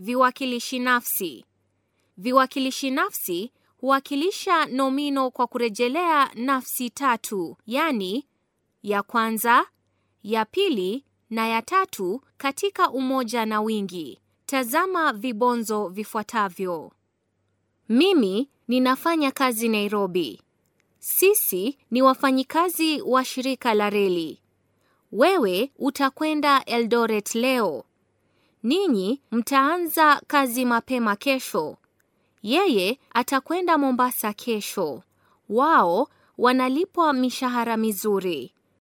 Viwakilishi nafsi. Viwakilishi nafsi huwakilisha nomino kwa kurejelea nafsi tatu, yani ya kwanza, ya pili na ya tatu katika umoja na wingi. Tazama vibonzo vifuatavyo. Mimi ninafanya kazi Nairobi. Sisi ni wafanyikazi wa shirika la reli. Wewe utakwenda Eldoret leo. Ninyi mtaanza kazi mapema kesho. Yeye atakwenda Mombasa kesho. Wao wanalipwa mishahara mizuri.